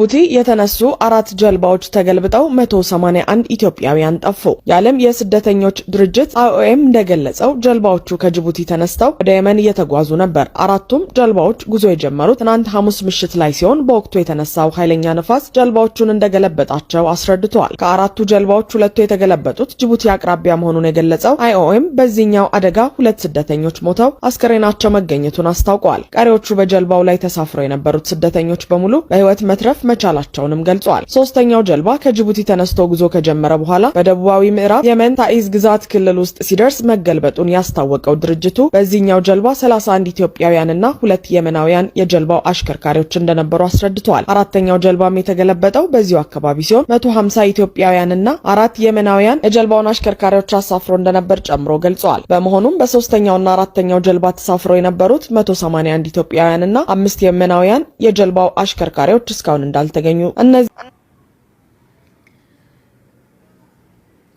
ጅቡቲ የተነሱ አራት ጀልባዎች ተገልብጠው 181 ኢትዮጵያውያን ጠፉ። የዓለም የስደተኞች ድርጅት አይኦኤም እንደገለጸው ጀልባዎቹ ከጅቡቲ ተነስተው ወደ የመን እየተጓዙ ነበር። አራቱም ጀልባዎች ጉዞ የጀመሩት ትናንት ሐሙስ ምሽት ላይ ሲሆን በወቅቱ የተነሳው ኃይለኛ ነፋስ ጀልባዎቹን እንደገለበጣቸው አስረድተዋል። ከአራቱ ጀልባዎች ሁለቱ የተገለበጡት ጅቡቲ አቅራቢያ መሆኑን የገለጸው አይኦኤም በዚህኛው አደጋ ሁለት ስደተኞች ሞተው አስከሬናቸው መገኘቱን አስታውቀዋል። ቀሪዎቹ በጀልባው ላይ ተሳፍረው የነበሩት ስደተኞች በሙሉ በህይወት መትረፍ መቻላቸውንም ገልጿል። ሶስተኛው ጀልባ ከጅቡቲ ተነስቶ ጉዞ ከጀመረ በኋላ በደቡባዊ ምዕራብ የመን ታኢዝ ግዛት ክልል ውስጥ ሲደርስ መገልበጡን ያስታወቀው ድርጅቱ በዚህኛው ጀልባ 31 ኢትዮጵያውያንና ሁለት የመናውያን የጀልባው አሽከርካሪዎች እንደነበሩ አስረድተዋል። አራተኛው ጀልባም የተገለበጠው በዚሁ አካባቢ ሲሆን 150 ኢትዮጵያውያንና አራት የመናውያን የጀልባውን አሽከርካሪዎች አሳፍሮ እንደነበር ጨምሮ ገልጸዋል። በመሆኑም በሶስተኛውና አራተኛው ጀልባ ተሳፍሮ የነበሩት 181 ኢትዮጵያውያንና አምስት የመናውያን የጀልባው አሽከርካሪዎች እስካሁን እንዳልተገኙ እነዚህ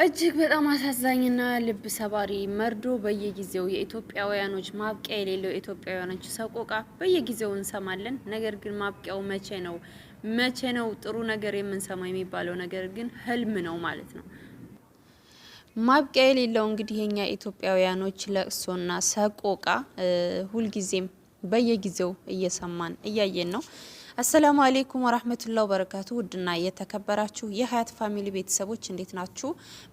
እጅግ በጣም አሳዛኝና ልብ ሰባሪ መርዶ በየጊዜው የኢትዮጵያውያኖች ማብቂያ የሌለው የኢትዮጵያውያኖች ሰቆቃ በየጊዜው እንሰማለን። ነገር ግን ማብቂያው መቼ ነው? መቼ ነው ጥሩ ነገር የምንሰማው የሚባለው ነገር ግን ህልም ነው ማለት ነው። ማብቂያ የሌለው እንግዲህ የኛ ኢትዮጵያውያኖች ለቅሶና ሰቆቃ ሁልጊዜም በየጊዜው እየሰማን እያየን ነው። አሰላሙ አሌይኩም ወራህመቱላ ወበረካቱ። ውድና የተከበራችሁ የሀያት ፋሚሊ ቤተሰቦች እንዴት ናችሁ?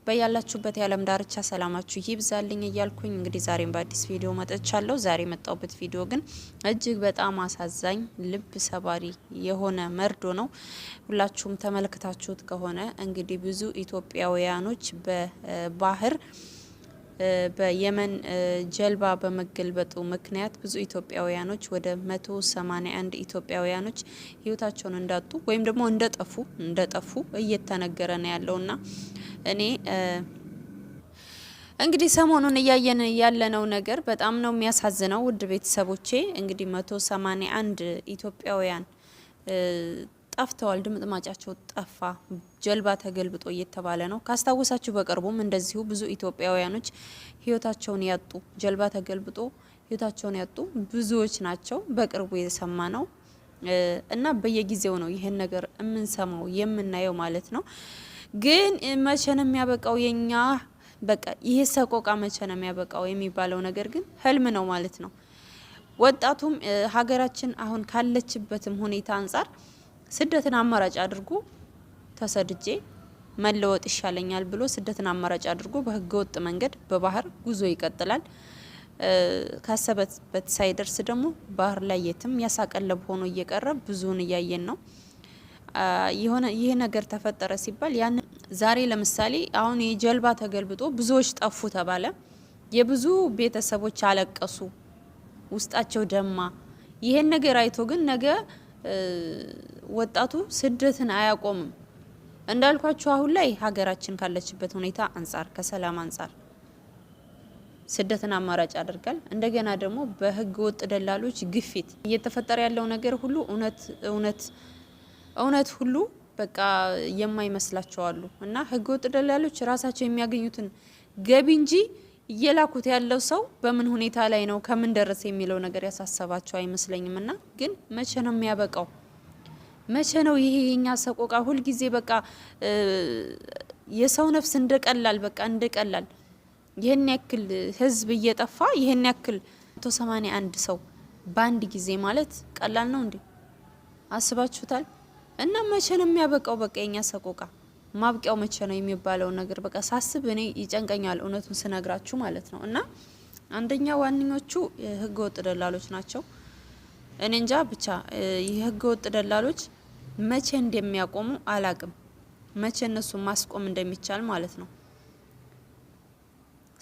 በያላችሁበት የዓለም ዳርቻ ሰላማችሁ ይብዛልኝ እያልኩኝ እንግዲህ ዛሬም በአዲስ ቪዲዮ መጥቻለሁ። ዛሬ የመጣውበት ቪዲዮ ግን እጅግ በጣም አሳዛኝ፣ ልብ ሰባሪ የሆነ መርዶ ነው። ሁላችሁም ተመልክታችሁት ከሆነ እንግዲህ ብዙ ኢትዮጵያውያኖች በባህር በየመን ጀልባ በመገልበጡ ምክንያት ብዙ ኢትዮጵያውያኖች ወደ መቶ ኢትዮጵያውያኖች ህይወታቸውን እንዳጡ ወይም ደግሞ እንደጠፉ እንደጠፉ እየተነገረ ነው ያለውና እኔ እንግዲህ ሰሞኑን እያየን ያለነው ነገር በጣም ነው የሚያሳዝነው። ውድ ቤተሰቦቼ እንግዲህ መቶ ኢትዮጵያውያን ጠፍተዋል። ድምጥማጫቸው ጠፋ፣ ጀልባ ተገልብጦ እየተባለ ነው። ካስታወሳችሁ በቅርቡም እንደዚሁ ብዙ ኢትዮጵያውያኖች ህይወታቸውን ያጡ ጀልባ ተገልብጦ ህይወታቸውን ያጡ ብዙዎች ናቸው። በቅርቡ የሰማ ነው እና በየጊዜው ነው ይህን ነገር የምንሰማው የምናየው ማለት ነው። ግን መቼ ነው የሚያበቃው የኛ በቃ ይሄ ሰቆቃ መቼ ነው የሚያበቃው የሚባለው ነገር ግን ህልም ነው ማለት ነው። ወጣቱም ሀገራችን አሁን ካለችበትም ሁኔታ አንጻር ስደትን አማራጭ አድርጎ ተሰድጄ መለወጥ ይሻለኛል ብሎ ስደትን አማራጭ አድርጎ በህገ ወጥ መንገድ በባህር ጉዞ ይቀጥላል። ካሰበበት ሳይደርስ ደግሞ ባህር ላይ የትም ያሳቀለብ ሆኖ እየቀረ ብዙውን እያየን ነው። የሆነ ይህ ነገር ተፈጠረ ሲባል ያን ዛሬ ለምሳሌ አሁን የጀልባ ተገልብጦ ብዙዎች ጠፉ ተባለ። የብዙ ቤተሰቦች አለቀሱ፣ ውስጣቸው ደማ። ይሄን ነገር አይቶ ግን ነገ ወጣቱ ስደትን አያቆምም። እንዳልኳችሁ አሁን ላይ ሀገራችን ካለችበት ሁኔታ አንጻር ከሰላም አንጻር ስደትን አማራጭ አድርጋል። እንደገና ደግሞ በህገ ወጥ ደላሎች ግፊት እየተፈጠረ ያለው ነገር ሁሉ እውነት እውነት እውነት ሁሉ በቃ የማይመስላቸው አሉ እና ህገ ወጥ ደላሎች ራሳቸው የሚያገኙትን ገቢ እንጂ እየላኩት ያለው ሰው በምን ሁኔታ ላይ ነው ከምን ደረሰ የሚለው ነገር ያሳሰባቸው አይመስለኝም። እና ግን መቼ ነው የሚያበቃው? መቼ ነው ይሄ የኛ ሰቆቃ? ሁልጊዜ በቃ የሰው ነፍስ እንደቀላል በቃ እንደቀላል ይህን ያክል ህዝብ እየጠፋ ይህን ያክል መቶ አንድ ሰው በአንድ ጊዜ ማለት ቀላል ነው እንዴ? አስባችሁታል? እና መቼ ነው የሚያበቃው? በቃ የኛ ሰቆቃ ማብቂያው መቼ ነው የሚባለውን ነገር በቃ ሳስብ እኔ ይጨንቀኛል፣ እውነቱን ስነግራችሁ ማለት ነው። እና አንደኛ ዋነኞቹ ህገወጥ ደላሎች ናቸው። እኔ እንጃ ብቻ ህገወጥ ደላሎች መቼ እንደሚያቆሙ አላቅም። መቼ እነሱ ማስቆም እንደሚቻል ማለት ነው።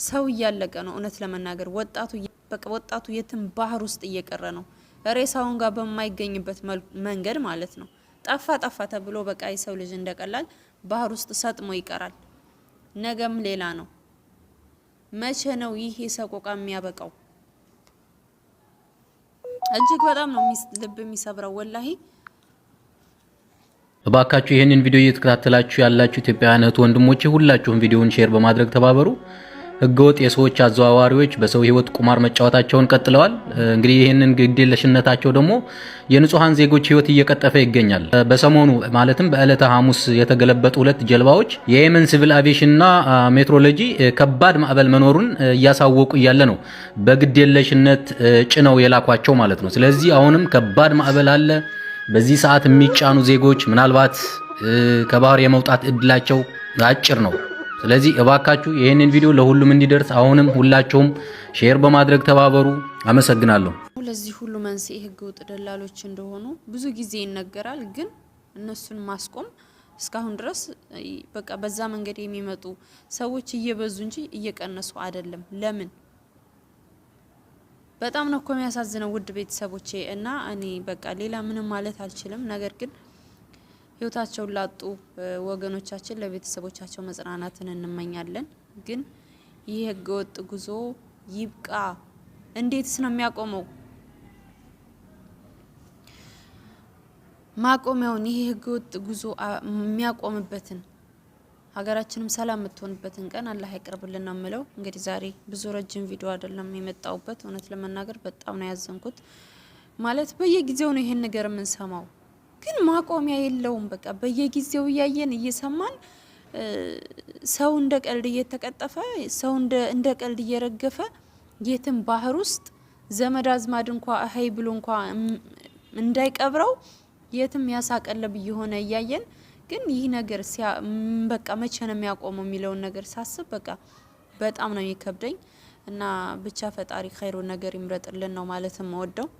ሰው እያለቀ ነው። እውነት ለመናገር ወጣቱ በቃ ወጣቱ የትም ባህር ውስጥ እየቀረ ነው። ሬሳውን ጋር በማይገኝበት መንገድ ማለት ነው። ጠፋ ጠፋ ተብሎ በቃ የሰው ልጅ እንደቀላል ባህር ውስጥ ሰጥሞ ይቀራል። ነገም ሌላ ነው። መቼ ነው ይህ የሰቆቃ የሚያበቃው? እጅግ በጣም ነው ልብ የሚሰብረው ወላሂ። እባካችሁ ይህንን ቪዲዮ እየተከታተላችሁ ያላችሁ ኢትዮጵያውያን እህት ወንድሞቼ ሁላችሁም ቪዲዮውን ሼር በማድረግ ተባበሩ። ህገወጥ የሰዎች አዘዋዋሪዎች በሰው ህይወት ቁማር መጫወታቸውን ቀጥለዋል። እንግዲህ ይህንን ግዴለሽነታቸው ደግሞ የንጹሐን ዜጎች ህይወት እየቀጠፈ ይገኛል። በሰሞኑ ማለትም በዕለተ ሐሙስ የተገለበጡ ሁለት ጀልባዎች የየመን ሲቪል አቪዬሽንና ሜትሮሎጂ ከባድ ማዕበል መኖሩን እያሳወቁ እያለ ነው በግዴለሽነት ጭነው የላኳቸው ማለት ነው። ስለዚህ አሁንም ከባድ ማዕበል አለ። በዚህ ሰዓት የሚጫኑ ዜጎች ምናልባት ከባህር የመውጣት እድላቸው አጭር ነው። ስለዚህ እባካችሁ ይህንን ቪዲዮ ለሁሉም እንዲደርስ አሁንም ሁላችሁም ሼር በማድረግ ተባበሩ። አመሰግናለሁ። ለዚህ ሁሉ መንስኤ ህገወጥ ደላሎች እንደሆኑ ብዙ ጊዜ ይነገራል። ግን እነሱን ማስቆም እስካሁን ድረስ በቃ በዛ መንገድ የሚመጡ ሰዎች እየበዙ እንጂ እየቀነሱ አይደለም። ለምን በጣም ነው እኮ የሚያሳዝነው ውድ ቤተሰቦቼ። እና እኔ በቃ ሌላ ምንም ማለት አልችልም። ነገር ግን ህይወታቸውን ላጡ ወገኖቻችን ለቤተሰቦቻቸው መጽናናትን እንመኛለን። ግን ይህ ህገወጥ ጉዞ ይብቃ። እንዴትስ ነው የሚያቆመው? ማቆሚያውን ይህ ህገወጥ ጉዞ የሚያቆምበትን ሀገራችንም ሰላም የምትሆንበትን ቀን አላህ ያቅርብልን ነው የምለው። እንግዲህ ዛሬ ብዙ ረጅም ቪዲዮ አይደለም የመጣውበት። እውነት ለመናገር በጣም ነው ያዘንኩት። ማለት በየጊዜው ነው ይሄን ነገር የምንሰማው፣ ግን ማቆሚያ የለውም። በቃ በየጊዜው እያየን እየሰማን ሰው እንደ ቀልድ እየተቀጠፈ ሰው እንደ ቀልድ እየረገፈ የትም ባህር ውስጥ ዘመድ አዝማድ እንኳ እሀይ ብሎ እንኳ እንዳይቀብረው የትም ያሳቀለብ እየሆነ እያየን ግን ይህ ነገር በቃ መቼ ነው የሚያቆመው የሚለውን ነገር ሳስብ በቃ በጣም ነው የሚከብደኝ እና ብቻ ፈጣሪ ኸይሮ ነገር ይምረጥልን ነው ማለትም መወደው